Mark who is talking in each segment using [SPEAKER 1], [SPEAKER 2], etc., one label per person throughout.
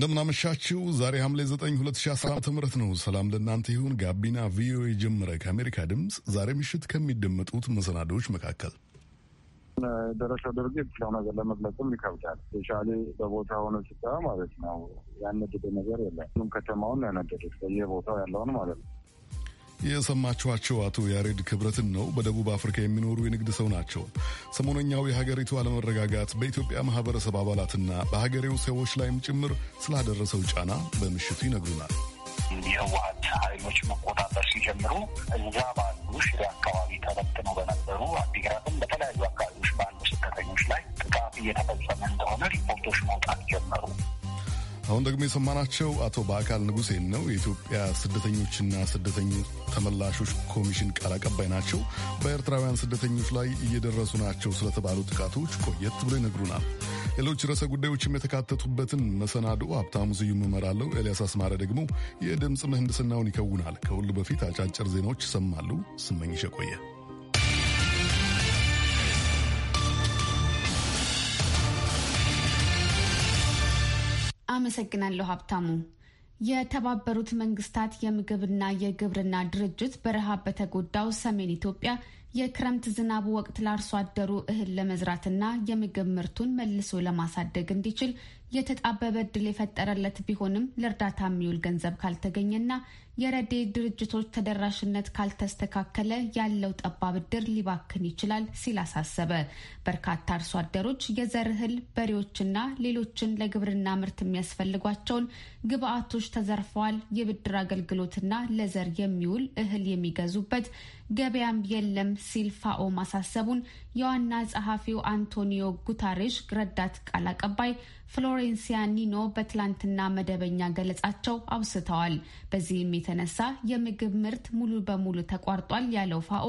[SPEAKER 1] እንደምናመሻችው ዛሬ ሐምሌ 9 2017 ም ነው። ሰላም ለእናንተ ይሁን። ጋቢና ቪኦኤ ጀመረ። ከአሜሪካ ድምፅ ዛሬ ምሽት ከሚደመጡት መሰናዶዎች መካከል
[SPEAKER 2] ደረሰው ድርጊት ስለው ነገር ለመግለጽም ይከብዳል። ስፔሻሊ በቦታ ሆነ ስታ ማለት ነው። ያነደደ ነገር የለም። ሁሉም ከተማውን ያነደደ በየቦታው ያለውን ማለት ነው።
[SPEAKER 1] የሰማችኋቸው አቶ ያሬድ ክብረትን ነው። በደቡብ አፍሪካ የሚኖሩ የንግድ ሰው ናቸው። ሰሞነኛው የሀገሪቱ አለመረጋጋት በኢትዮጵያ ማህበረሰብ አባላትና በሀገሬው ሰዎች ላይም ጭምር ስላደረሰው ጫና በምሽቱ ይነግሩናል።
[SPEAKER 3] የህወሀት ኃይሎች መቆጣጠር ሲጀምሩ እዛ ባሉ ሽሬ አካባቢ ተበትነው በነበሩ አዲግራትም በተለያዩ አካባቢዎች ባሉ ስደተኞች ላይ ጥቃት እየተፈጸመ እንደሆነ ሪፖርቶች መውጣት ጀመሩ።
[SPEAKER 1] አሁን ደግሞ የሰማናቸው አቶ በአካል ንጉሴን ነው። የኢትዮጵያ ስደተኞችና ስደተኞች ተመላሾች ኮሚሽን ቃል አቀባይ ናቸው። በኤርትራውያን ስደተኞች ላይ እየደረሱ ናቸው ስለተባሉ ጥቃቶች ቆየት ብሎ ይነግሩናል። ሌሎች ርዕሰ ጉዳዮችም የተካተቱበትን መሰናዶ ሀብታሙ ስዩም እመራለሁ። ኤልያስ አስማረ ደግሞ የድምፅ ምህንድስናውን ይከውናል። ከሁሉ በፊት አጫጭር ዜናዎች ይሰማሉ። ስመኝሽ ቆየ
[SPEAKER 4] አመሰግናለሁ ሀብታሙ። የተባበሩት መንግስታት የምግብና የግብርና ድርጅት በረሃብ በተጎዳው ሰሜን ኢትዮጵያ የክረምት ዝናቡ ወቅት ለአርሶ አደሩ እህል ለመዝራትና የምግብ ምርቱን መልሶ ለማሳደግ እንዲችል የተጣበበ እድል የፈጠረለት ቢሆንም ለእርዳታ የሚውል ገንዘብ ካልተገኘና የረድኤት ድርጅቶች ተደራሽነት ካልተስተካከለ ያለው ጠባብ እድር ሊባክን ይችላል ሲል አሳሰበ። በርካታ አርሶ አደሮች የዘር እህል፣ በሬዎችና ሌሎችን ለግብርና ምርት የሚያስፈልጓቸውን ግብአቶች ተዘርፈዋል። የብድር አገልግሎትና ለዘር የሚውል እህል የሚገዙበት ገበያም የለም ሲል ፋኦ ማሳሰቡን የዋና ጸሐፊው አንቶኒዮ ጉታሬሽ ረዳት ቃል አቀባይ ፍሎሬንሲያ ኒኖ በትላንትና መደበኛ ገለጻቸው አውስተዋል። በዚህም የተነሳ የምግብ ምርት ሙሉ በሙሉ ተቋርጧል ያለው ፋኦ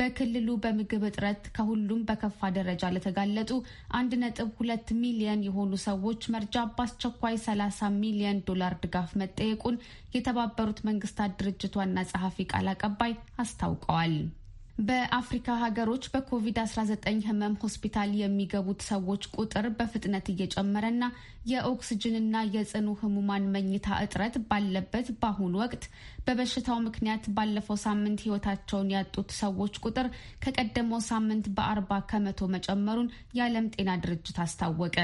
[SPEAKER 4] በክልሉ በምግብ እጥረት ከሁሉም በከፋ ደረጃ ለተጋለጡ 1.2 ሚሊየን የሆኑ ሰዎች መርጃ በአስቸኳይ 30 ሚሊየን ዶላር ድጋፍ መጠየቁን የተባበሩት መንግስታት ድርጅት ዋና ጸሐፊ ቃል አቀባይ አስታውቀዋል። በአፍሪካ ሀገሮች በኮቪድ-19 ህመም ሆስፒታል የሚገቡት ሰዎች ቁጥር በፍጥነት እየጨመረና የኦክስጅንና የጽኑ ህሙማን መኝታ እጥረት ባለበት በአሁኑ ወቅት በበሽታው ምክንያት ባለፈው ሳምንት ህይወታቸውን ያጡት ሰዎች ቁጥር ከቀደመው ሳምንት በአርባ ከመቶ መጨመሩን የዓለም ጤና ድርጅት አስታወቀ።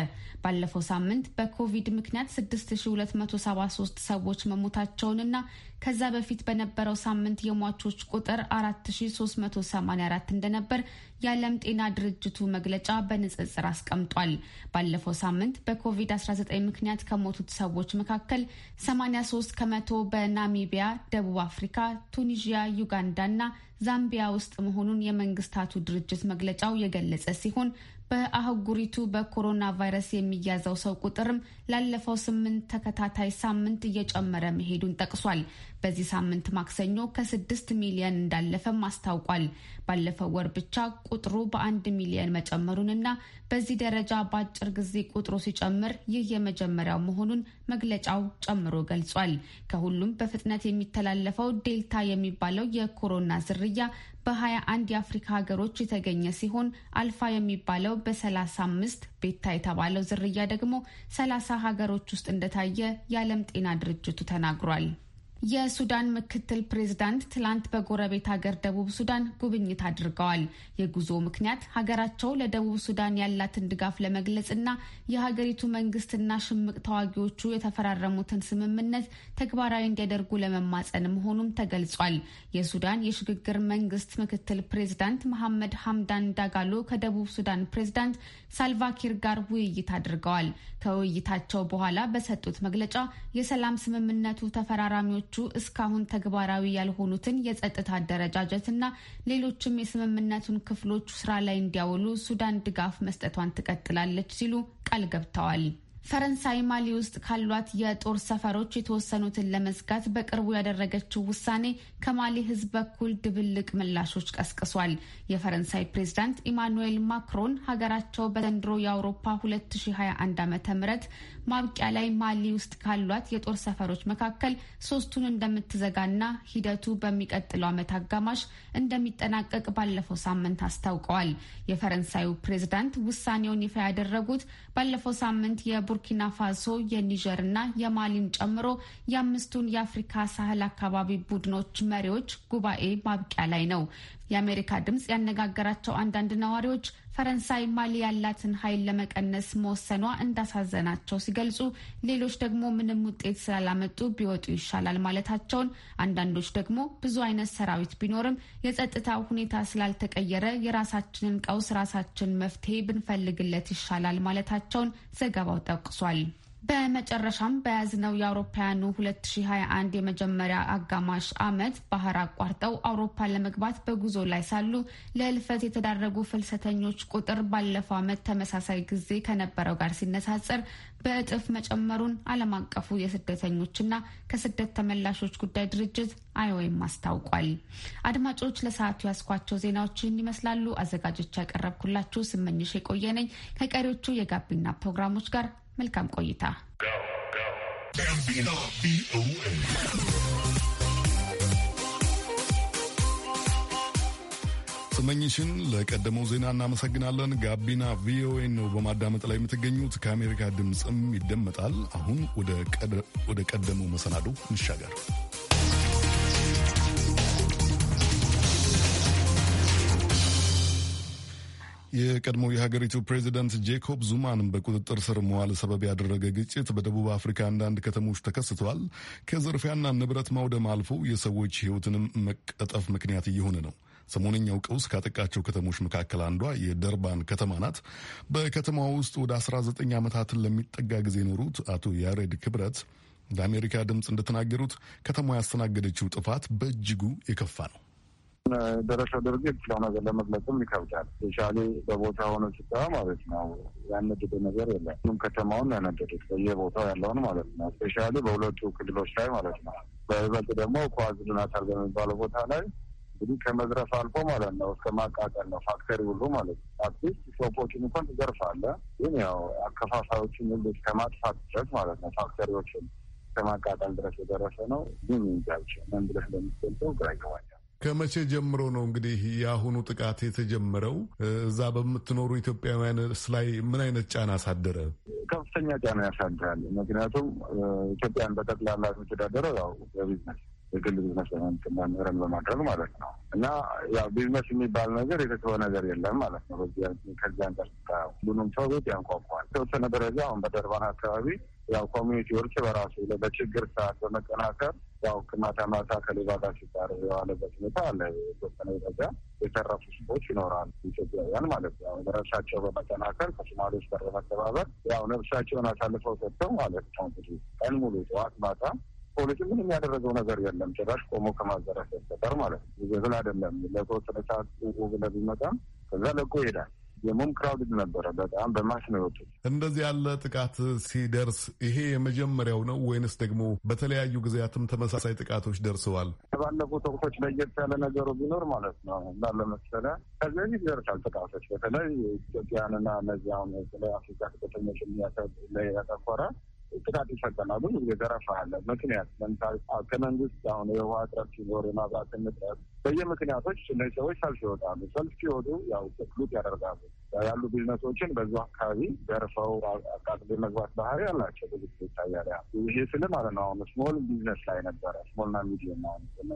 [SPEAKER 4] ባለፈው ሳምንት በኮቪድ ምክንያት 6273 ሰዎች መሞታቸውንና ከዛ በፊት በነበረው ሳምንት የሟቾች ቁጥር 4384 እንደነበር የዓለም ጤና ድርጅቱ መግለጫ በንጽጽር አስቀምጧል። ባለፈው ሳምንት በኮቪድ-19 ምክንያት ከሞቱት ሰዎች መካከል 83 ከመቶ በናሚቢያ፣ ደቡብ አፍሪካ፣ ቱኒዥያ፣ ዩጋንዳ እና ዛምቢያ ውስጥ መሆኑን የመንግስታቱ ድርጅት መግለጫው የገለጸ ሲሆን በአህጉሪቱ በኮሮና ቫይረስ የሚያዘው ሰው ቁጥርም ላለፈው ስምንት ተከታታይ ሳምንት እየጨመረ መሄዱን ጠቅሷል። በዚህ ሳምንት ማክሰኞ ከስድስት ሚሊየን እንዳለፈም አስታውቋል። ባለፈው ወር ብቻ ቁጥሩ በአንድ ሚሊየን መጨመሩንና በዚህ ደረጃ በአጭር ጊዜ ቁጥሩ ሲጨምር ይህ የመጀመሪያው መሆኑን መግለጫው ጨምሮ ገልጿል። ከሁሉም በፍጥነት የሚተላለፈው ዴልታ የሚባለው የኮሮና ዝርያ በ21 የአፍሪካ ሀገሮች የተገኘ ሲሆን አልፋ የሚባለው በ35 ቤታ የተባለው ዝርያ ደግሞ 30 ሀገሮች ውስጥ እንደታየ የዓለም ጤና ድርጅቱ ተናግሯል። የሱዳን ምክትል ፕሬዝዳንት ትላንት በጎረቤት ሀገር ደቡብ ሱዳን ጉብኝት አድርገዋል። የጉዞ ምክንያት ሀገራቸው ለደቡብ ሱዳን ያላትን ድጋፍ ለመግለጽ እና የሀገሪቱ መንግስትና ሽምቅ ተዋጊዎቹ የተፈራረሙትን ስምምነት ተግባራዊ እንዲያደርጉ ለመማጸን መሆኑም ተገልጿል። የሱዳን የሽግግር መንግስት ምክትል ፕሬዝዳንት መሐመድ ሀምዳን ዳጋሎ ከደቡብ ሱዳን ፕሬዝዳንት ሳልቫኪር ጋር ውይይት አድርገዋል። ከውይይታቸው በኋላ በሰጡት መግለጫ የሰላም ስምምነቱ ተፈራራሚዎች ድርጅቶቹ እስካሁን ተግባራዊ ያልሆኑትን የጸጥታ አደረጃጀትና ሌሎችም የስምምነቱን ክፍሎች ስራ ላይ እንዲያውሉ ሱዳን ድጋፍ መስጠቷን ትቀጥላለች ሲሉ ቃል ገብተዋል። ፈረንሳይ ማሊ ውስጥ ካሏት የጦር ሰፈሮች የተወሰኑትን ለመዝጋት በቅርቡ ያደረገችው ውሳኔ ከማሊ ሕዝብ በኩል ድብልቅ ምላሾች ቀስቅሷል። የፈረንሳይ ፕሬዝዳንት ኢማኑኤል ማክሮን ሀገራቸው በዘንድሮ የአውሮፓ 2021 ዓ ም ማብቂያ ላይ ማሊ ውስጥ ካሏት የጦር ሰፈሮች መካከል ሶስቱን እንደምትዘጋና ሂደቱ በሚቀጥለው ዓመት አጋማሽ እንደሚጠናቀቅ ባለፈው ሳምንት አስታውቀዋል። የፈረንሳዩ ፕሬዝዳንት ውሳኔውን ይፋ ያደረጉት ባለፈው ሳምንት የቡርኪና ፋሶ የኒጀር እና የማሊን ጨምሮ የአምስቱን የአፍሪካ ሳህል አካባቢ ቡድኖች መሪዎች ጉባኤ ማብቂያ ላይ ነው። የአሜሪካ ድምጽ ያነጋገራቸው አንዳንድ ነዋሪዎች ፈረንሳይ ማሊ ያላትን ኃይል ለመቀነስ መወሰኗ እንዳሳዘናቸው ሲገልጹ፣ ሌሎች ደግሞ ምንም ውጤት ስላላመጡ ቢወጡ ይሻላል ማለታቸውን፣ አንዳንዶች ደግሞ ብዙ አይነት ሰራዊት ቢኖርም የጸጥታ ሁኔታ ስላልተቀየረ የራሳችንን ቀውስ ራሳችን መፍትሄ ብንፈልግለት ይሻላል ማለታቸውን ዘገባው ጠቅሷል። በመጨረሻም በያዝነው የአውሮፓውያኑ 2021 የመጀመሪያ አጋማሽ ዓመት ባህር አቋርጠው አውሮፓ ለመግባት በጉዞ ላይ ሳሉ ለእልፈት የተዳረጉ ፍልሰተኞች ቁጥር ባለፈው ዓመት ተመሳሳይ ጊዜ ከነበረው ጋር ሲነጻጸር በእጥፍ መጨመሩን ዓለም አቀፉ የስደተኞችና ከስደት ተመላሾች ጉዳይ ድርጅት አይኦኤም አስታውቋል። አድማጮች ለሰዓቱ ያስኳቸው ዜናዎችን ይመስላሉ። አዘጋጆች ያቀረብኩላችሁ ስመኝሽ የቆየነኝ ከቀሪዎቹ የጋቢና ፕሮግራሞች ጋር መልካም ቆይታ።
[SPEAKER 1] ስመኝሽን ለቀደመው ዜና እናመሰግናለን። ጋቢና ቪኦኤ ነው በማዳመጥ ላይ የምትገኙት። ከአሜሪካ ድምፅም ይደመጣል። አሁን ወደ ቀደመው መሰናዶ እንሻገር። የቀድሞው የሀገሪቱ ፕሬዚደንት ጄኮብ ዙማን በቁጥጥር ስር መዋል ሰበብ ያደረገ ግጭት በደቡብ አፍሪካ አንዳንድ ከተሞች ተከስተዋል። ከዘርፊያና ንብረት ማውደም አልፎ የሰዎች ሕይወትንም መቀጠፍ ምክንያት እየሆነ ነው። ሰሞነኛው ቀውስ ካጠቃቸው ከተሞች መካከል አንዷ የደርባን ከተማ ናት። በከተማዋ ውስጥ ወደ 19 ዓመታትን ለሚጠጋ ጊዜ የኖሩት አቶ ያሬድ ክብረት ለአሜሪካ ድምፅ እንደተናገሩት ከተማዋ ያስተናገደችው ጥፋት በእጅጉ የከፋ ነው።
[SPEAKER 2] ደረሻ ደረጃ የተሻለ ነገር ለመግለጽም ይከብዳል። ስፔሻሌ በቦታ ሆነ ስታ ማለት ነው። ያነደደ ነገር የለም። ሁሉም ከተማውን ያነደዱት በየቦታው ያለውን ማለት ነው። ስፔሻሌ በሁለቱ ክልሎች ላይ ማለት ነው። በይበልጥ ደግሞ ኳዝሉናታል በሚባለው ቦታ ላይ እንግዲህ ከመዝረፍ አልፎ ማለት ነው እስከ ማቃጠል ነው። ፋክተሪ ሁሉ ማለት ነው። አትሊስት ሾፖችን እንኳን ትዘርፋለህ፣ ግን ያው አከፋፋዮችን እንዴት ከማጥፋት ድረስ ማለት ነው ፋክተሪዎችን ከማቃጠል ድረስ የደረሰ ነው። ግን ይዛቸው ምን ብለህ እንደሚገልጸው ግራ ይገባኛል።
[SPEAKER 1] ከመቼ ጀምሮ ነው እንግዲህ የአሁኑ ጥቃት የተጀመረው? እዛ በምትኖሩ ኢትዮጵያውያንስ ላይ ምን አይነት ጫና አሳደረ?
[SPEAKER 2] ከፍተኛ ጫና ያሳድራል። ምክንያቱም ኢትዮጵያን በጠቅላላ የሚተዳደረው ያው በቢዝነስ የግል ቢዝነስ ለመንቅናምርን በማድረግ ማለት ነው እና ያው ቢዝነስ የሚባል ነገር የተተወ ነገር የለም ማለት ነው። በዚህ ከዚያ ስታየው ሁሉንም ሰው ቤት ያንቋቋል። ተወሰነ ደረጃ አሁን በደርባን አካባቢ ያው ኮሚኒቲዎች በራሱ በችግር ሰዓት በመጠናከር ያው ማታ ማታ ከሌባ ጋር ሲታረቅ የዋለበት ሁኔታ አለ። የተወሰነ ደረጃ የተረፉ ሰዎች ይኖራሉ፣ ኢትዮጵያውያን ማለት ነው። ነፍሳቸው በመጠናከል ከሶማሌዎች ጋር በመተባበር ያው ነፍሳቸውን አሳልፈው ሰጥተው ማለት ነው እንግዲህ ቀን ሙሉ ጠዋት ማታ ፖሊስ ምን የሚያደረገው ነገር የለም። ጭራሽ ቆሞ ከማዘረፍ በስተቀር ማለት ነው። ይዘዝል አይደለም ለተወሰነ ሰዓት ብለ ቢመጣም ከዛ ለቆ ይሄዳል። ደግሞም ክራውድድ ነበረ። በጣም በማስ ነው የወጡት።
[SPEAKER 1] እንደዚህ ያለ ጥቃት ሲደርስ ይሄ የመጀመሪያው ነው ወይንስ ደግሞ በተለያዩ ጊዜያትም ተመሳሳይ ጥቃቶች ደርሰዋል?
[SPEAKER 2] ከባለፉት ወቅቶች ለየት ያለ ነገሩ ቢኖር ማለት ነው መሰለ ከዚህ በፊት ይደርሳል ጥቃቶች በተለይ ኢትዮጵያንና እነዚያውን በተለይ አፍሪካ ስደተኞች የሚያተኩረ ጥቃት ይፈጠናሉ፣ የዘረፋ አለ ምክንያት ለምሳሌ ከመንግስት አሁን የውሃ እጥረት ሲኖር፣ የመብራት እጥረት በየምክንያቶች እነዚህ ሰዎች ሰልፍ ይወጣሉ። ሰልፍ ሲወዱ ያው ክሉት ያደርጋሉ። ያሉ ቢዝነሶችን በዙ አካባቢ ዘርፈው አቃጥሎ መግባት ባህሪ ያላቸው ብዙ ጊዜ ይታያል። ይሄ ስል ማለት ነው አሁን ስሞል ቢዝነስ ላይ ነበረ ስሞልና ሚዲየም አሁን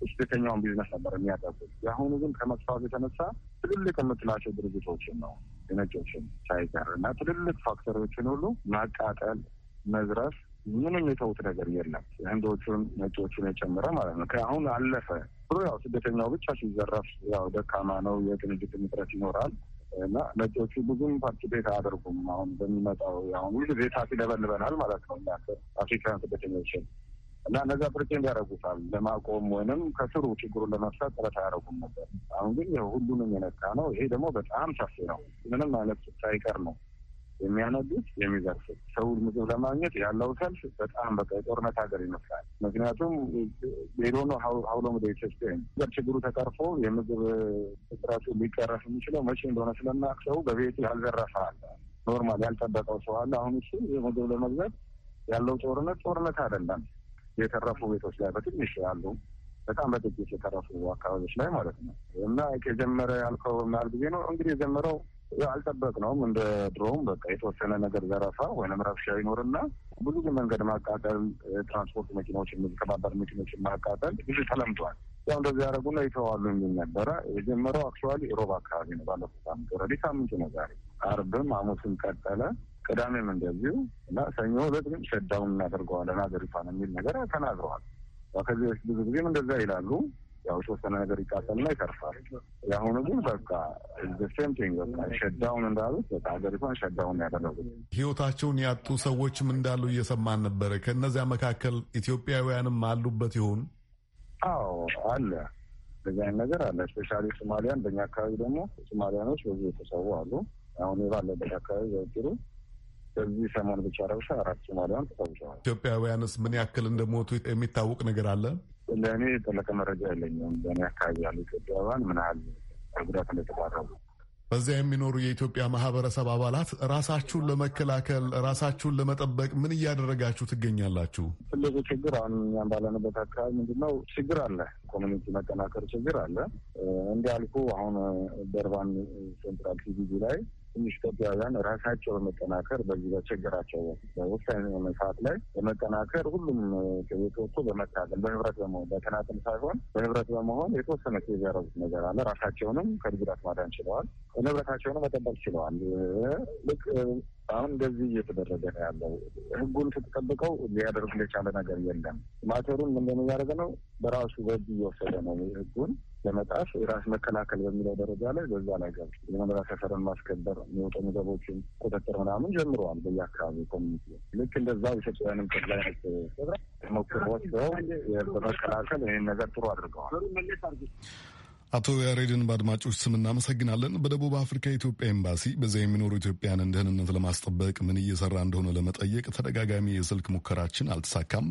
[SPEAKER 2] ትክክለኛውን ቢዝነስ ነበር የሚያጠቁት። የአሁኑ ግን ከመስፋቱ የተነሳ ትልልቅ የምትላቸው ድርጅቶችን ነው የነጮችን ሳይቀር እና ትልልቅ ፋክተሪዎችን ሁሉ ማቃጠል መዝራት ምንም የተውት ነገር የለም። ህንዶቹን ነጮቹን የጨመረ ማለት ነው። ከአሁን አለፈ ብሎ ያው ስደተኛው ብቻ ሲዘረፍ ያው ደካማ ነው፣ የቅንጅት ምጥረት ይኖራል እና ነጮቹ ብዙም ፓርቲቤት አያደርጉም። አሁን በሚመጣው አሁን ሁሉ ቤታ ሲለበልበናል ማለት ነው አፍሪካን ስደተኞችን እና እነዛ ፕሬዚደንት ያደረጉታል ለማቆም ወይንም ከስሩ ችግሩን ለመፍታት ጥረት አያደረጉም ነበር። አሁን ግን ሁሉንም የነካ ነው። ይሄ ደግሞ በጣም ሰፊ ነው። ምንም አይነት ሳይቀር ነው የሚያነዱት የሚዘርፉት ሰው ምግብ ለማግኘት ያለው ሰልፍ በጣም በቃ የጦርነት ሀገር ይመስላል። ምክንያቱም ሌሎ ነው ሀውሎ ምደ ኢትዮጵያ ችግሩ ተቀርፎ የምግብ እጥረቱ ሊቀረፍ የሚችለው መቼ እንደሆነ ስለማያውቅ ሰው በቤቱ ያልዘረፈ አለ፣ ኖርማል ያልጠበቀው ሰው አለ። አሁን እሱ የምግብ ለመግዛት ያለው ጦርነት ጦርነት አይደለም። የተረፉ ቤቶች ላይ በትንሽ ያሉ በጣም በጥቂት የተረፉ አካባቢዎች ላይ ማለት ነው እና ከጀመረ ያልከው ምናል ጊዜ ነው እንግዲህ የጀመረው ያው አልጠበቅነውም። እንደ ድሮውም በቃ የተወሰነ ነገር ዘረፋ ወይም ረብሻ ይኖርና ብዙ መንገድ ማቃጠል፣ ትራንስፖርት መኪናዎችን፣ ከባባድ መኪኖችን ማቃጠል ብዙ ተለምዷል። ያው እንደዚህ ያደረጉና ይተዋሉ የሚል ነበረ። የጀመረው አክቹዋሊ ሮብ አካባቢ ነው። ባለፈው ሳምንት ወረዲ ሳምንቱ ነው ዛሬ። አርብም ሐሙስም ቀጠለ፣ ቅዳሜም እንደዚሁ እና ሰኞ ዕለት ግን ሸዳውን እናደርገዋለን ሀገሪቷን የሚል ነገር ተናግረዋል። ከዚህ በፊት ብዙ ጊዜም እንደዛ ይላሉ። ያው የተወሰነ ነገር ይቃጠልና ይተርፋል። የአሁኑ ግን በቃ ዘሴም ቲንግ በቃ ሸዳውን እንዳሉት በቃ ሀገሪቷን ሸዳውን ያደረጉት
[SPEAKER 1] ህይወታቸውን ያጡ ሰዎችም እንዳሉ እየሰማን ነበረ። ከእነዚያ መካከል ኢትዮጵያውያንም አሉበት ይሆን?
[SPEAKER 2] አዎ አለ። እንደዚህ አይነት ነገር አለ። ስፔሻሊ ሶማሊያን፣ በእኛ አካባቢ ደግሞ ሶማሊያኖች ብዙ የተሰዉ አሉ። አሁን ባለበት አካባቢ ዘውትሩ በዚህ ሰሞን ብቻ ረብሻ አራት ሶማሊያን ተሰውተዋል።
[SPEAKER 1] ኢትዮጵያውያንስ ምን ያክል እንደሞቱ የሚታወቅ ነገር አለ?
[SPEAKER 2] ለእኔ የጠለቀ መረጃ የለኝም። በእኔ አካባቢ ያሉ ኢትዮጵያውያን ምን ያህል
[SPEAKER 1] ጉዳት እንደተባረሩ በዚያ የሚኖሩ የኢትዮጵያ ማህበረሰብ አባላት ራሳችሁን ለመከላከል ራሳችሁን ለመጠበቅ ምን እያደረጋችሁ ትገኛላችሁ?
[SPEAKER 2] ትልቁ ችግር አሁን እኛም ባለንበት አካባቢ ምንድነው ችግር አለ፣ ኮሚኒቲ መጠናከር ችግር አለ። እንዲያልኩ አሁን ደርባን ሴንትራል ሲቪዚ ላይ ትንሽ ኢትዮጵያውያን ራሳቸው በመጠናከር በዚህ በችግራቸው ወሳኝ የሆነ ሰዓት ላይ በመጠናከር ሁሉም ከቤት ወጥቶ በመታገል በህብረት በመሆን በተናጥል ሳይሆን በህብረት በመሆን የተወሰነ ኬዝ ያረጉት ነገር አለ። ራሳቸውንም ከጉዳት ማዳን ችለዋል። ንብረታቸውንም መጠበቅ ችለዋል። ልክ አሁን እንደዚህ እየተደረገ ነው ያለው። ህጉን ስትጠብቀው ሊያደርጉ የቻለ ነገር የለም። ማተሩን ምንድን እያደረገ ነው? በራሱ በእጅ እየወሰደ ነው ህጉን ለመጣፍ ራስ መከላከል በሚለው ደረጃ ላይ በዛ ላይ ገብ የመኖሪያ ሰፈርን ማስከበር የሚወጡ ምግቦችን ቁጥጥር ምናምን ጀምረዋል። በየአካባቢ ኮሚኒቲ ልክ እንደዛ የኢትዮጵያውያንም ክፍል አይነት ሞክሮች በመከላከል ይህን ነገር ጥሩ አድርገዋል።
[SPEAKER 1] አቶ ያሬድን በአድማጮች ስም እናመሰግናለን። በደቡብ አፍሪካ የኢትዮጵያ ኤምባሲ በዚያ የሚኖሩ ኢትዮጵያን ደህንነት ለማስጠበቅ ምን እየሰራ እንደሆነ ለመጠየቅ ተደጋጋሚ የስልክ ሙከራችን አልተሳካም።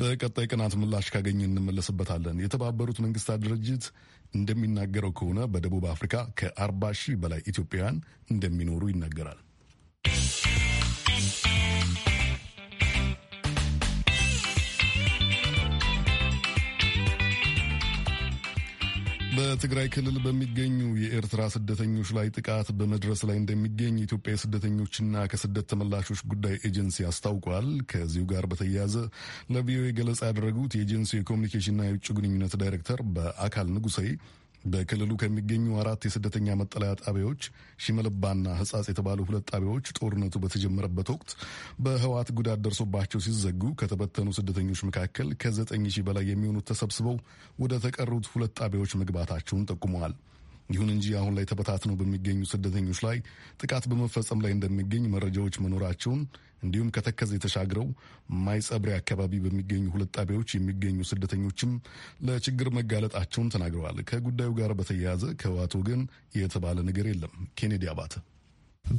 [SPEAKER 1] በቀጣይ ቀናት ምላሽ ካገኘ እንመለስበታለን። የተባበሩት መንግስታት ድርጅት እንደሚናገረው ከሆነ በደቡብ አፍሪካ ከአርባ ሺህ በላይ ኢትዮጵያውያን እንደሚኖሩ ይናገራል። በትግራይ ክልል በሚገኙ የኤርትራ ስደተኞች ላይ ጥቃት በመድረስ ላይ እንደሚገኝ የኢትዮጵያ የስደተኞችና ከስደት ተመላሾች ጉዳይ ኤጀንሲ አስታውቋል። ከዚሁ ጋር በተያያዘ ለቪኦኤ ገለጻ ያደረጉት የኤጀንሲ የኮሚኒኬሽንና የውጭ ግንኙነት ዳይሬክተር በአካል ንጉሰይ በክልሉ ከሚገኙ አራት የስደተኛ መጠለያ ጣቢያዎች ሺመልባና ህጻጽ የተባሉ ሁለት ጣቢያዎች ጦርነቱ በተጀመረበት ወቅት በህወሓት ጉዳት ደርሶባቸው ሲዘጉ ከተበተኑ ስደተኞች መካከል ከዘጠኝ ሺህ በላይ የሚሆኑት ተሰብስበው ወደ ተቀሩት ሁለት ጣቢያዎች መግባታቸውን ጠቁመዋል። ይሁን እንጂ አሁን ላይ ተበታትነው በሚገኙ ስደተኞች ላይ ጥቃት በመፈጸም ላይ እንደሚገኝ መረጃዎች መኖራቸውን እንዲሁም ከተከዘ የተሻግረው ማይጸብሬ አካባቢ በሚገኙ ሁለት ጣቢያዎች የሚገኙ ስደተኞችም ለችግር መጋለጣቸውን ተናግረዋል። ከጉዳዩ ጋር በተያያዘ ከህወሓት ወገን የተባለ ነገር የለም። ኬኔዲ አባተ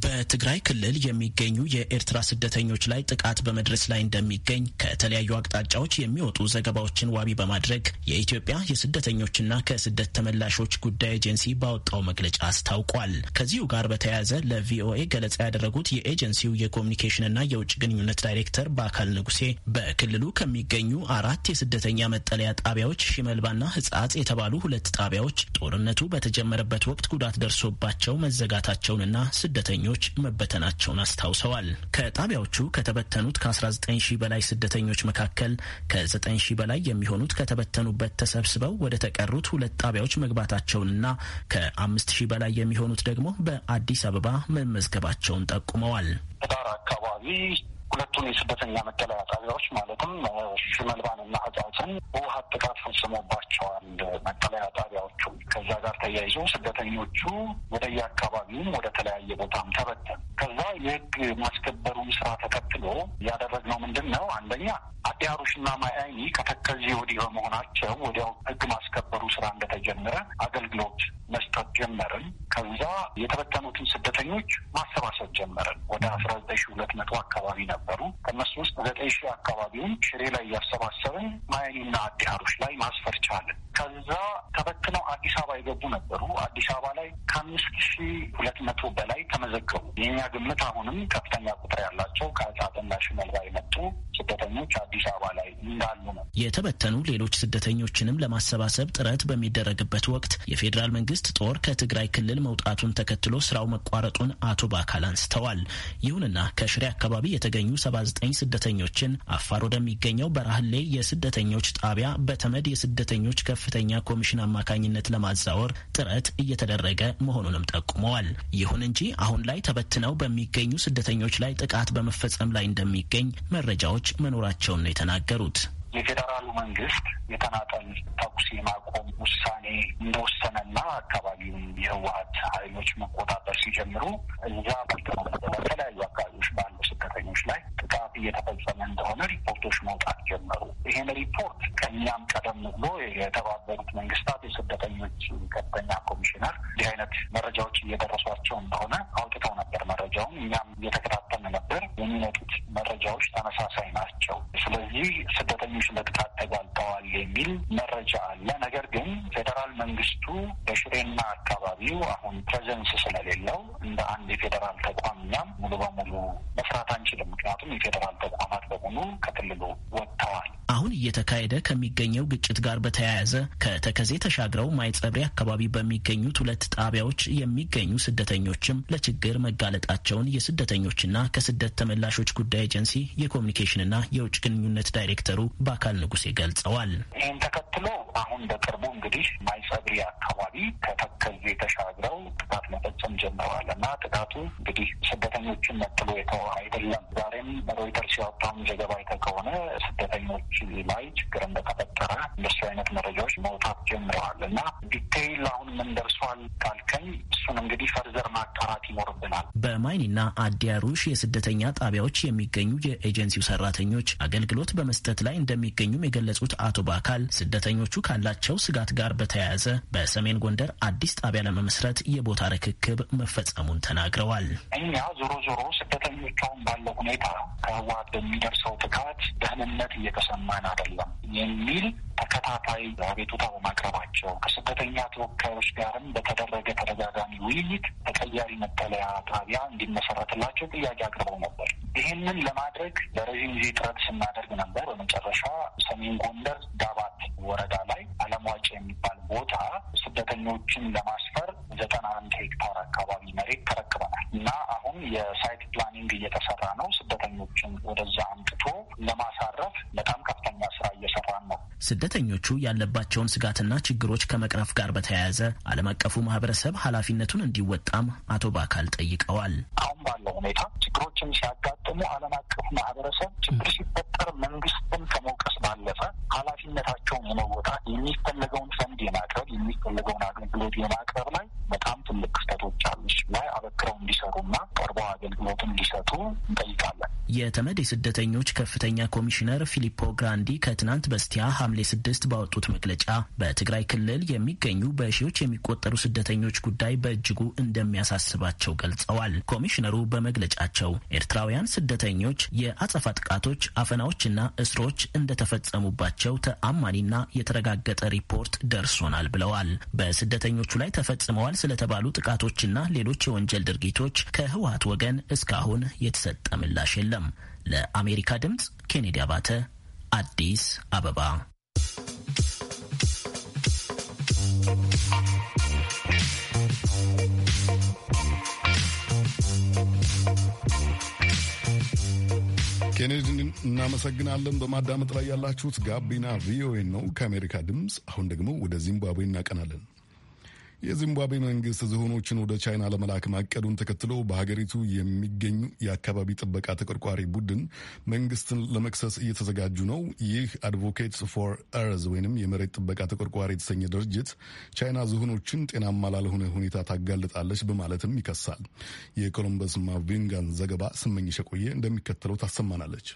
[SPEAKER 5] በትግራይ ክልል የሚገኙ የኤርትራ ስደተኞች ላይ ጥቃት በመድረስ ላይ እንደሚገኝ ከተለያዩ አቅጣጫዎች የሚወጡ ዘገባዎችን ዋቢ በማድረግ የኢትዮጵያ የስደተኞችና ከስደት ተመላሾች ጉዳይ ኤጀንሲ ባወጣው መግለጫ አስታውቋል። ከዚሁ ጋር በተያያዘ ለቪኦኤ ገለጻ ያደረጉት የኤጀንሲው የኮሚኒኬሽንና የውጭ ግንኙነት ዳይሬክተር በአካል ንጉሴ በክልሉ ከሚገኙ አራት የስደተኛ መጠለያ ጣቢያዎች ሽመልባና ሕጻጽ የተባሉ ሁለት ጣቢያዎች ጦርነቱ በተጀመረበት ወቅት ጉዳት ደርሶባቸው መዘጋታቸውንና ስደተ ስደተኞች መበተናቸውን አስታውሰዋል። ከጣቢያዎቹ ከተበተኑት ከ19 ሺህ በላይ ስደተኞች መካከል ከ9 ሺህ በላይ የሚሆኑት ከተበተኑበት ተሰብስበው ወደ ተቀሩት ሁለት ጣቢያዎች መግባታቸውንና ከ5 ሺህ በላይ የሚሆኑት ደግሞ በአዲስ አበባ መመዝገባቸውን ጠቁመዋል።
[SPEAKER 3] ዳር አካባቢ ሁለቱን የስደተኛ መጠለያ ጣቢያዎች ማለትም ሽመልባንና ሕጻጽን በውሃ ጥቃት ፈጽሞባቸዋል። መጠለያ ጣቢያዎቹ ከዛ ጋር ተያይዞ ስደተኞቹ ወደየአካባቢውም ወደ ተለያየ ቦታም ተበተን ከዛ የህግ ማስከበሩን ስራ ተከትሎ ያደረግነው ምንድን ነው? አንደኛ አዲያሮሽና ማያይኒ ከተከዚ ወዲህ በመሆናቸው ወዲያው ህግ ማስከበሩ ስራ እንደተጀመረ አገልግሎት መስጠት ጀመርን። ከዛ የተበተኑትን ስደተኞች ማሰባሰብ ጀመርን። ወደ አስራ ዘጠኝ ሺ ሁለት መቶ አካባቢ ነበር ነበሩ። ከእነሱ ውስጥ ዘጠኝ ሺህ አካባቢውን ሽሬ ላይ እያሰባሰብን ማያኒና አዲሃሮች ላይ ማስፈር ቻለን። ከዛ ተበትነው አዲስ አበባ የገቡ ነበሩ። አዲስ አበባ ላይ ከአምስት ሺህ ሁለት መቶ በላይ ተመዘገቡ። የኛ ግምት አሁንም ከፍተኛ ቁጥር ያላቸው ከህጻትና ባ የመጡ ስደተኞች አዲስ አበባ ላይ እንዳሉ
[SPEAKER 5] ነው። የተበተኑ ሌሎች ስደተኞችንም ለማሰባሰብ ጥረት በሚደረግበት ወቅት የፌዴራል መንግስት ጦር ከትግራይ ክልል መውጣቱን ተከትሎ ስራው መቋረጡን አቶ ባካል አንስተዋል። ይሁንና ከሽሬ አካባቢ የተገኙ የሚገኙ 79 ስደተኞችን አፋር ወደሚገኘው በራህሌ የስደተኞች ጣቢያ በተመድ የስደተኞች ከፍተኛ ኮሚሽን አማካኝነት ለማዛወር ጥረት እየተደረገ መሆኑንም ጠቁመዋል። ይሁን እንጂ አሁን ላይ ተበትነው በሚገኙ ስደተኞች ላይ ጥቃት በመፈጸም ላይ እንደሚገኝ መረጃዎች መኖራቸውን ነው የተናገሩት።
[SPEAKER 3] የፌዴራሉ መንግስት የተናጠል ተኩስ የማቆም ውሳኔ እንደወሰነና አካባቢውን የህወሀት ኃይሎች መቆጣጠር ሲጀምሩ እዛ በተለያዩ አካባቢዎች ባሉ ስደተኞች ላይ ጥቃት እየተፈጸመ እንደሆነ ሪፖርቶች መውጣት ጀመሩ። ይህን ሪፖርት ከእኛም ቀደም ብሎ የተባበሩት መንግስታት የስደተኞች ከፍተኛ ኮሚሽነር እንዲህ አይነት መረጃዎች እየደረሷቸው ነው
[SPEAKER 5] በተያያዘ ከተከዜ ተሻግረው ማይጸብሪ አካባቢ በሚገኙት ሁለት ጣቢያዎች የሚገኙ ስደተኞችም ለችግር መጋለጣቸውን የስደተኞችና ከስደት ተመላሾች ጉዳይ ኤጀንሲ የኮሚኒኬሽንና የውጭ ግንኙነት ዳይሬክተሩ በአካል ንጉሴ ገልጸዋል።
[SPEAKER 3] ይህን ተከትሎ አሁን በቅርቡ እንግዲህ ማይጸብሪ አካባቢ ከተከዜ ተሻግረው ጥቃት መፈጸም ጀምረዋል እና ጥቃቱ እንግዲህ ስደተኞችን መጥሎ የተው አይደለም። ዛሬም ሮይተርስ ያወጣውን ዘገባ አይተህ ከሆነ ስደተኞች ላይ ችግር እንደተፈጠረ መረጃዎች መውጣት ጀምረዋል እና ዲቴይል አሁን ምን ደርሷል ካልከኝ እሱን እንግዲህ ፈርዘር ማጣራት ይኖርብናል።
[SPEAKER 5] በማይኒና አዲያሩሽ የስደተኛ ጣቢያዎች የሚገኙ የኤጀንሲው ሰራተኞች አገልግሎት በመስጠት ላይ እንደሚገኙም የገለጹት አቶ ባካል ስደተኞቹ ካላቸው ስጋት ጋር በተያያዘ በሰሜን ጎንደር አዲስ ጣቢያ ለመመስረት የቦታ ርክክብ መፈጸሙን ተናግረዋል።
[SPEAKER 3] እኛ ዞሮ ዞሮ ስደተኞቹ አሁን ባለው ሁኔታ ከህወሓት በሚደርሰው ጥቃት ደህንነት እየተሰማን አይደለም የሚል ተከታታይ ላይ አቤቱታ በማቅረባቸው ከስደተኛ ተወካዮች ጋርም በተደረገ ተደጋጋሚ ውይይት ተቀያሪ መጠለያ ጣቢያ እንዲመሰረትላቸው ጥያቄ አቅርበው ነበር። ይህንን ለማድረግ ለረዥም ጊዜ ጥረት ስናደርግ ነበር። በመጨረሻ ሰሜን ጎንደር ዳባት ወረዳ ላይ አለምዋጭ የሚባል ቦታ ስደተኞችን ለማስፈር ዘጠና አንድ ሄክታር አካባቢ መሬት ተረክበናል እና አሁን የሳይት ፕላኒንግ እየተሰራ ነው። ስደተኞችን ወደዛ አምጥቶ ለማሳረፍ በጣም
[SPEAKER 5] ስደተኞቹ ያለባቸውን ስጋትና ችግሮች ከመቅረፍ ጋር በተያያዘ ዓለም አቀፉ ማህበረሰብ ኃላፊነቱን እንዲወጣም አቶ ባካል ጠይቀዋል።
[SPEAKER 3] አሁን ባለው ሁኔታ ችግሮችን
[SPEAKER 5] ሲያጋጥሙ
[SPEAKER 3] ዓለም አቀፉ ማህበረሰብ ችግር ሲፈጠር መንግስትን ከመውቀስ ባለፈ ኃላፊነታቸውን የመወጣት የሚፈለገውን ፈንድ የማቅረብ የሚፈለገውን አገልግሎት የማቅረብ ላይ በጣም ትልቅ ክፍተቶች አሉ። ላይ አበክረው እንዲሰሩና ቀርበው አገልግሎት እንዲሰጡ
[SPEAKER 5] የተመድ የስደተኞች ከፍተኛ ኮሚሽነር ፊሊፖ ግራንዲ ከትናንት በስቲያ ሐምሌ ስድስት ባወጡት መግለጫ በትግራይ ክልል የሚገኙ በሺዎች የሚቆጠሩ ስደተኞች ጉዳይ በእጅጉ እንደሚያሳስባቸው ገልጸዋል። ኮሚሽነሩ በመግለጫቸው ኤርትራውያን ስደተኞች የአጸፋ ጥቃቶች፣ አፈናዎችና እስሮች እንደተፈጸሙባቸው ተአማኒና የተረጋገጠ ሪፖርት ደርሶናል ብለዋል። በስደተኞቹ ላይ ተፈጽመዋል ስለተባሉ ጥቃቶችና ሌሎች የወንጀል ድርጊቶች ከህወሀት ወገን እስካሁን የተሰጠ ምላሽ የለም። አይደለም። ለአሜሪካ ድምፅ ኬኔዲ አባተ አዲስ አበባ።
[SPEAKER 1] ኬኔዲን እናመሰግናለን። በማዳመጥ ላይ ያላችሁት ጋቢና ቪኦኤ ነው ከአሜሪካ ድምፅ። አሁን ደግሞ ወደ ዚምባብዌ እናቀናለን። የዚምባብዌ መንግስት ዝሆኖችን ወደ ቻይና ለመላክ ማቀዱን ተከትሎ በሀገሪቱ የሚገኙ የአካባቢ ጥበቃ ተቆርቋሪ ቡድን መንግስትን ለመክሰስ እየተዘጋጁ ነው። ይህ አድቮኬትስ ፎር እርዝ ወይንም የመሬት ጥበቃ ተቆርቋሪ የተሰኘ ድርጅት ቻይና ዝሆኖችን ጤናማ ላልሆነ ሁኔታ ታጋልጣለች በማለትም ይከሳል። የኮሎምበስ ማቪንጋን ዘገባ ስመኝሽ እንደሚከተለው ታሰማናለች።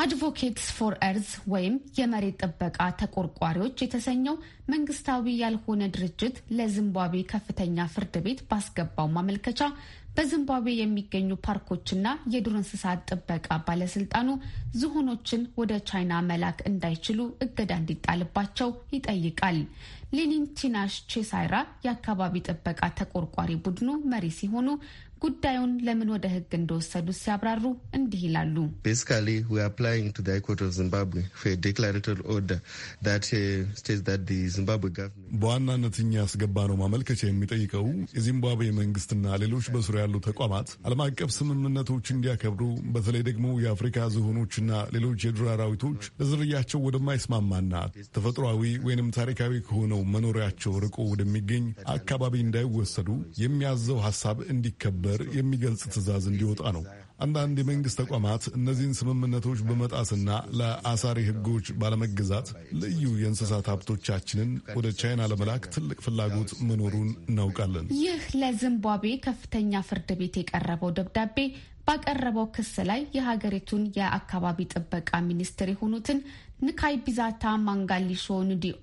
[SPEAKER 4] አድቮኬትስ ፎር እርዝ ወይም የመሬት ጥበቃ ተቆርቋሪዎች የተሰኘው መንግስታዊ ያልሆነ ድርጅት ለዚምባብዌ ከፍተኛ ፍርድ ቤት ባስገባው ማመልከቻ በዚምባብዌ የሚገኙ ፓርኮችና የዱር እንስሳት ጥበቃ ባለስልጣኑ ዝሆኖችን ወደ ቻይና መላክ እንዳይችሉ እገዳ እንዲጣልባቸው ይጠይቃል። ሌኒን ቲናሽ ቼሳይራ የአካባቢ ጥበቃ ተቆርቋሪ ቡድኑ መሪ ሲሆኑ ጉዳዩን ለምን ወደ ህግ እንደወሰዱት ሲያብራሩ እንዲህ ይላሉ። uh,
[SPEAKER 1] በዋናነት እኛ ያስገባ ነው ማመልከቻ የሚጠይቀው የዚምባብዌ መንግስትና ሌሎች በስሩ ያሉ ተቋማት ዓለም አቀፍ ስምምነቶች እንዲያከብሩ በተለይ ደግሞ የአፍሪካ ዝሆኖችና ሌሎች የዱር አራዊቶች ለዝርያቸው ወደማይስማማና ተፈጥሯዊ ወይንም ታሪካዊ ከሆነው መኖሪያቸው ርቆ ወደሚገኝ አካባቢ እንዳይወሰዱ የሚያዘው ሀሳብ እንዲከበር እንዲመረመር የሚገልጽ ትዕዛዝ እንዲወጣ ነው። አንዳንድ የመንግሥት ተቋማት እነዚህን ስምምነቶች በመጣስና ለአሳሪ ሕጎች ባለመገዛት ልዩ የእንስሳት ሀብቶቻችንን ወደ ቻይና ለመላክ ትልቅ ፍላጎት መኖሩን እናውቃለን።
[SPEAKER 4] ይህ ለዚምባብዌ ከፍተኛ ፍርድ ቤት የቀረበው ደብዳቤ ባቀረበው ክስ ላይ የሀገሪቱን የአካባቢ ጥበቃ ሚኒስትር የሆኑትን ንካይ ቢዛታ ማንጋሊሾ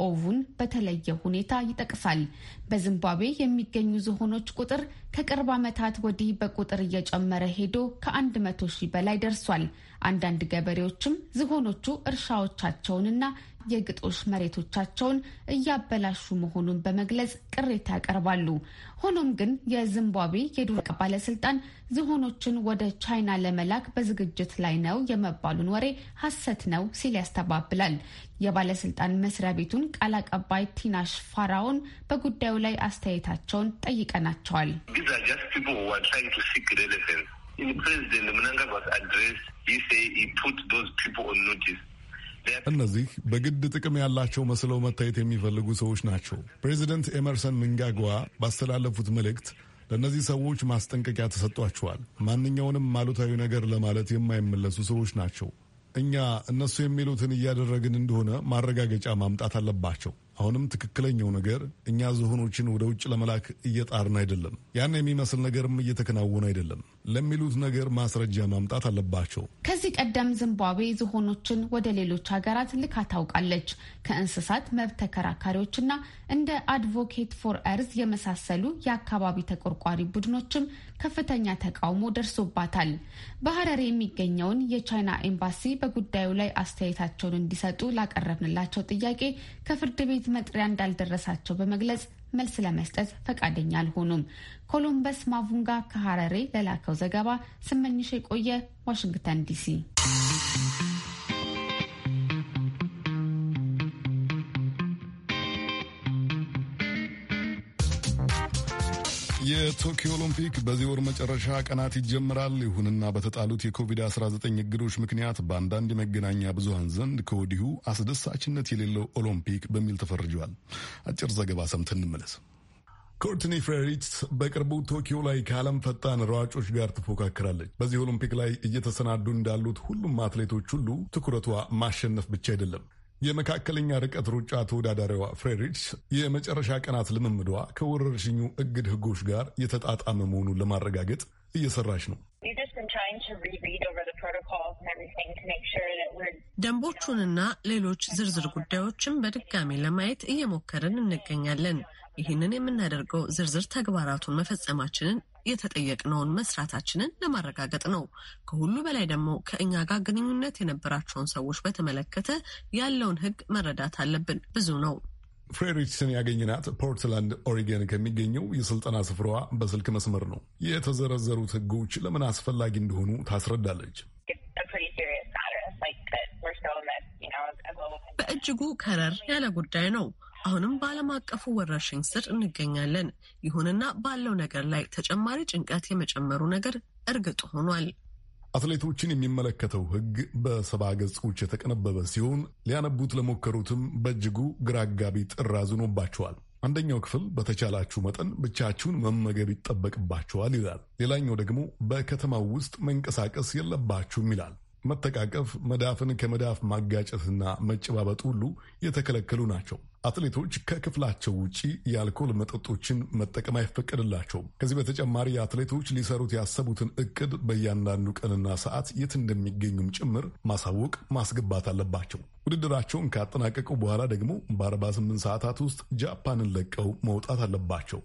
[SPEAKER 4] ኦቡን በተለየ ሁኔታ ይጠቅሳል። በዚምባብዌ የሚገኙ ዝሆኖች ቁጥር ከቅርብ ዓመታት ወዲህ በቁጥር እየጨመረ ሄዶ ከአንድ መቶ ሺህ በላይ ደርሷል። አንዳንድ ገበሬዎችም ዝሆኖቹ እርሻዎቻቸውንና የግጦሽ መሬቶቻቸውን እያበላሹ መሆኑን በመግለጽ ቅሬታ ያቀርባሉ። ሆኖም ግን የዚምባብዌ የዱር ባለስልጣን ዝሆኖችን ወደ ቻይና ለመላክ በዝግጅት ላይ ነው የመባሉን ወሬ ሐሰት ነው ሲል ያስተባብላል። የባለስልጣን መስሪያ ቤቱን ቃል አቀባይ ቲናሽ ፋራውን በጉዳዩ ላይ አስተያየታቸውን
[SPEAKER 1] ጠይቀናቸዋል።
[SPEAKER 3] ፕሬዚደንት ምናንጋ
[SPEAKER 1] እነዚህ በግድ ጥቅም ያላቸው መስለው መታየት የሚፈልጉ ሰዎች ናቸው። ፕሬዚደንት ኤመርሰን ምንጋጓ ባስተላለፉት መልእክት ለእነዚህ ሰዎች ማስጠንቀቂያ ተሰጧቸዋል። ማንኛውንም አሉታዊ ነገር ለማለት የማይመለሱ ሰዎች ናቸው። እኛ እነሱ የሚሉትን እያደረግን እንደሆነ ማረጋገጫ ማምጣት አለባቸው። አሁንም ትክክለኛው ነገር እኛ ዝሆኖችን ወደ ውጭ ለመላክ እየጣርን አይደለም። ያን የሚመስል ነገርም እየተከናወነ አይደለም። ለሚሉት ነገር ማስረጃ ማምጣት አለባቸው።
[SPEAKER 4] ከዚህ ቀደም ዚምባብዌ ዝሆኖችን ወደ ሌሎች ሀገራት ልካ ታውቃለች። ከእንስሳት መብት ተከራካሪዎችና እንደ አድቮኬት ፎር እርዝ የመሳሰሉ የአካባቢ ተቆርቋሪ ቡድኖችም ከፍተኛ ተቃውሞ ደርሶባታል። በሀረር የሚገኘውን የቻይና ኤምባሲ በጉዳዩ ላይ አስተያየታቸውን እንዲሰጡ ላቀረብንላቸው ጥያቄ ከፍርድ ቤት መጥሪያ እንዳልደረሳቸው በመግለጽ መልስ ለመስጠት ፈቃደኛ አልሆኑም። ኮሎምበስ ማቡንጋ ከሀረሬ ለላከው ዘገባ ስመኝሽ የቆየ ዋሽንግተን ዲሲ
[SPEAKER 1] የቶኪዮ ኦሎምፒክ በዚህ ወር መጨረሻ ቀናት ይጀምራል። ይሁንና በተጣሉት የኮቪድ-19 እግዶች ምክንያት በአንዳንድ የመገናኛ ብዙሃን ዘንድ ከወዲሁ አስደሳችነት የሌለው ኦሎምፒክ በሚል ተፈርጇል። አጭር ዘገባ ሰምተን እንመለስ። ኮርትኒ ፍሬሪትስ በቅርቡ ቶኪዮ ላይ ከዓለም ፈጣን ሯጮች ጋር ትፎካከራለች። በዚህ ኦሎምፒክ ላይ እየተሰናዱ እንዳሉት ሁሉም አትሌቶች ሁሉ ትኩረቷ ማሸነፍ ብቻ አይደለም። የመካከለኛ ርቀት ሩጫ ተወዳዳሪዋ ፍሬሪክስ የመጨረሻ ቀናት ልምምዷ ከወረርሽኙ እግድ ህጎች ጋር የተጣጣመ መሆኑን ለማረጋገጥ እየሰራች ነው።
[SPEAKER 5] ደንቦቹንና ሌሎች ዝርዝር ጉዳዮችን በድጋሚ ለማየት እየሞከርን እንገኛለን። ይህንን የምናደርገው ዝርዝር ተግባራቱን መፈጸማችንን የተጠየቅነውን መስራታችንን ለማረጋገጥ ነው። ከሁሉ በላይ ደግሞ ከእኛ ጋር ግንኙነት የነበራቸውን ሰዎች በተመለከተ ያለውን ሕግ መረዳት
[SPEAKER 1] አለብን። ብዙ ነው። ፍሬሪችስን ያገኝናት ፖርትላንድ ኦሪገን ከሚገኘው የስልጠና ስፍራዋ በስልክ መስመር ነው። የተዘረዘሩት ሕጎች ለምን አስፈላጊ እንደሆኑ ታስረዳለች።
[SPEAKER 5] በእጅጉ ከረር ያለ ጉዳይ ነው። አሁንም በዓለም አቀፉ ወረርሽኝ ስር እንገኛለን። ይሁንና ባለው ነገር ላይ ተጨማሪ ጭንቀት የመጨመሩ ነገር እርግጥ ሆኗል።
[SPEAKER 1] አትሌቶችን የሚመለከተው ሕግ በሰባ ገጾች የተቀነበበ ሲሆን ሊያነቡት ለሞከሩትም በእጅጉ ግራ አጋቢ ጥር አዝኖባቸዋል። አንደኛው ክፍል በተቻላችሁ መጠን ብቻችሁን መመገብ ይጠበቅባችኋል ይላል። ሌላኛው ደግሞ በከተማው ውስጥ መንቀሳቀስ የለባችሁም ይላል። መተቃቀፍ፣ መዳፍን ከመዳፍ ማጋጨትና መጨባበጥ ሁሉ የተከለከሉ ናቸው። አትሌቶች ከክፍላቸው ውጪ የአልኮል መጠጦችን መጠቀም አይፈቀድላቸውም። ከዚህ በተጨማሪ አትሌቶች ሊሰሩት ያሰቡትን እቅድ በእያንዳንዱ ቀንና ሰዓት የት እንደሚገኙም ጭምር ማሳወቅ ማስገባት አለባቸው። ውድድራቸውን ካጠናቀቁ በኋላ ደግሞ በ48 ሰዓታት ውስጥ ጃፓንን ለቀው መውጣት አለባቸው።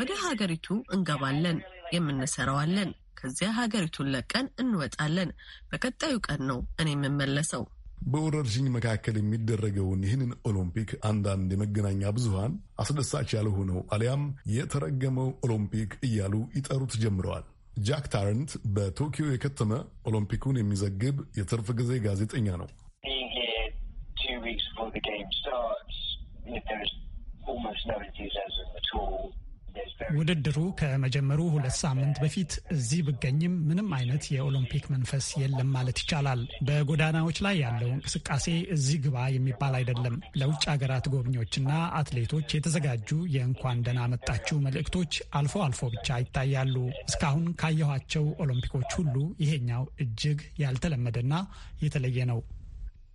[SPEAKER 5] ወደ ሀገሪቱ እንገባለን፣ የምንሰራዋለን። ከዚያ ሀገሪቱን ለቀን እንወጣለን። በቀጣዩ ቀን ነው እኔ የምመለሰው።
[SPEAKER 1] በወረርሽኝ መካከል የሚደረገውን ይህንን ኦሎምፒክ አንዳንድ የመገናኛ ብዙሃን አስደሳች ያልሆነው አሊያም የተረገመው ኦሎምፒክ እያሉ ይጠሩት ጀምረዋል። ጃክ ታረንት በቶኪዮ የከተመ ኦሎምፒኩን የሚዘግብ የትርፍ ጊዜ ጋዜጠኛ ነው።
[SPEAKER 3] ውድድሩ ከመጀመሩ ሁለት ሳምንት በፊት እዚህ ብገኝም ምንም አይነት የኦሎምፒክ መንፈስ የለም ማለት ይቻላል። በጎዳናዎች ላይ ያለው እንቅስቃሴ እዚህ ግባ የሚባል አይደለም። ለውጭ ሀገራት ጎብኚዎችና አትሌቶች የተዘጋጁ የእንኳን ደህና መጣችሁ መልእክቶች አልፎ አልፎ ብቻ ይታያሉ። እስካሁን ካየኋቸው ኦሎምፒኮች ሁሉ ይሄኛው እጅግ ያልተለመደና የተለየ ነው።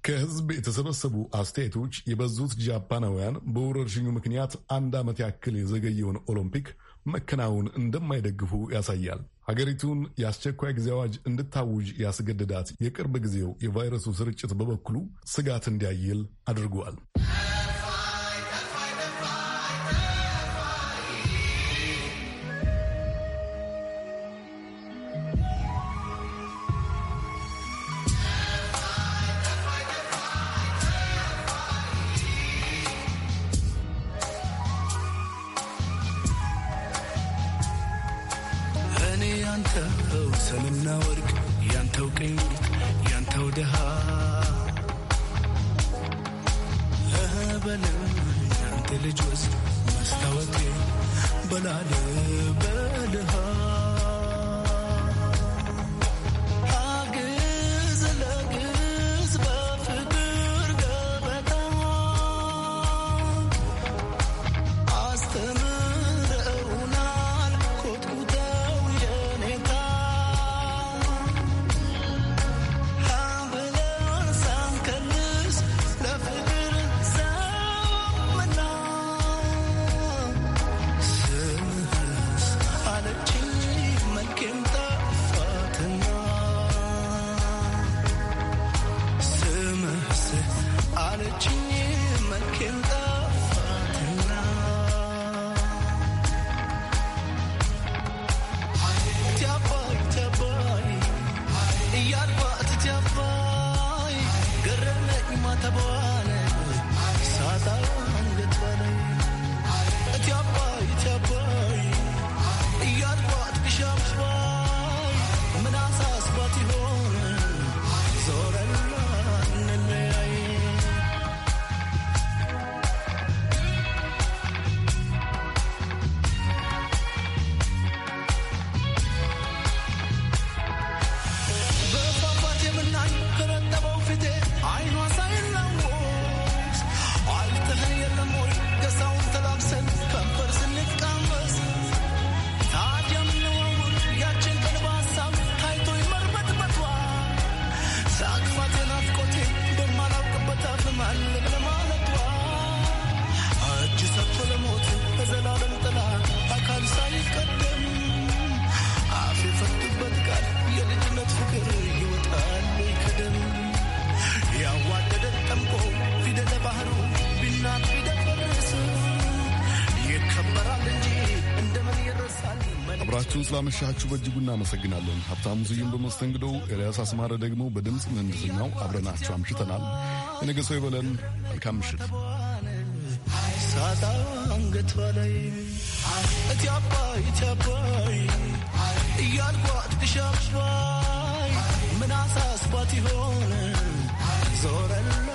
[SPEAKER 1] ከህዝብ የተሰበሰቡ አስተያየቶች የበዙት ጃፓናውያን በወረርሽኙ ምክንያት አንድ ዓመት ያክል የዘገየውን ኦሎምፒክ መከናወን እንደማይደግፉ ያሳያል። ሀገሪቱን የአስቸኳይ ጊዜ አዋጅ እንድታውጅ ያስገድዳት የቅርብ ጊዜው የቫይረሱ ስርጭት በበኩሉ ስጋት እንዲያይል አድርጓል።
[SPEAKER 6] ያንተው ሰምና ወርቅ ያንተው ቅኝት ያንተው ድሃ በለ ያንተ ልጅ ወስድ መስታወቴ በላለ በድሃ
[SPEAKER 1] ስላመሻችሁ በእጅጉ እናመሰግናለን። ሀብታሙ ስዩም በመስተንግዶው፣ ኤልያስ አስማረ ደግሞ በድምፅ ምህንድስናው አብረናችሁ አምሽተናል። የነገ ሰው ይበለን። መልካም ምሽት። ሳጣ አንገት
[SPEAKER 6] እቲ አባይ አባይ ምናሳስባት ይሆን ዞረላ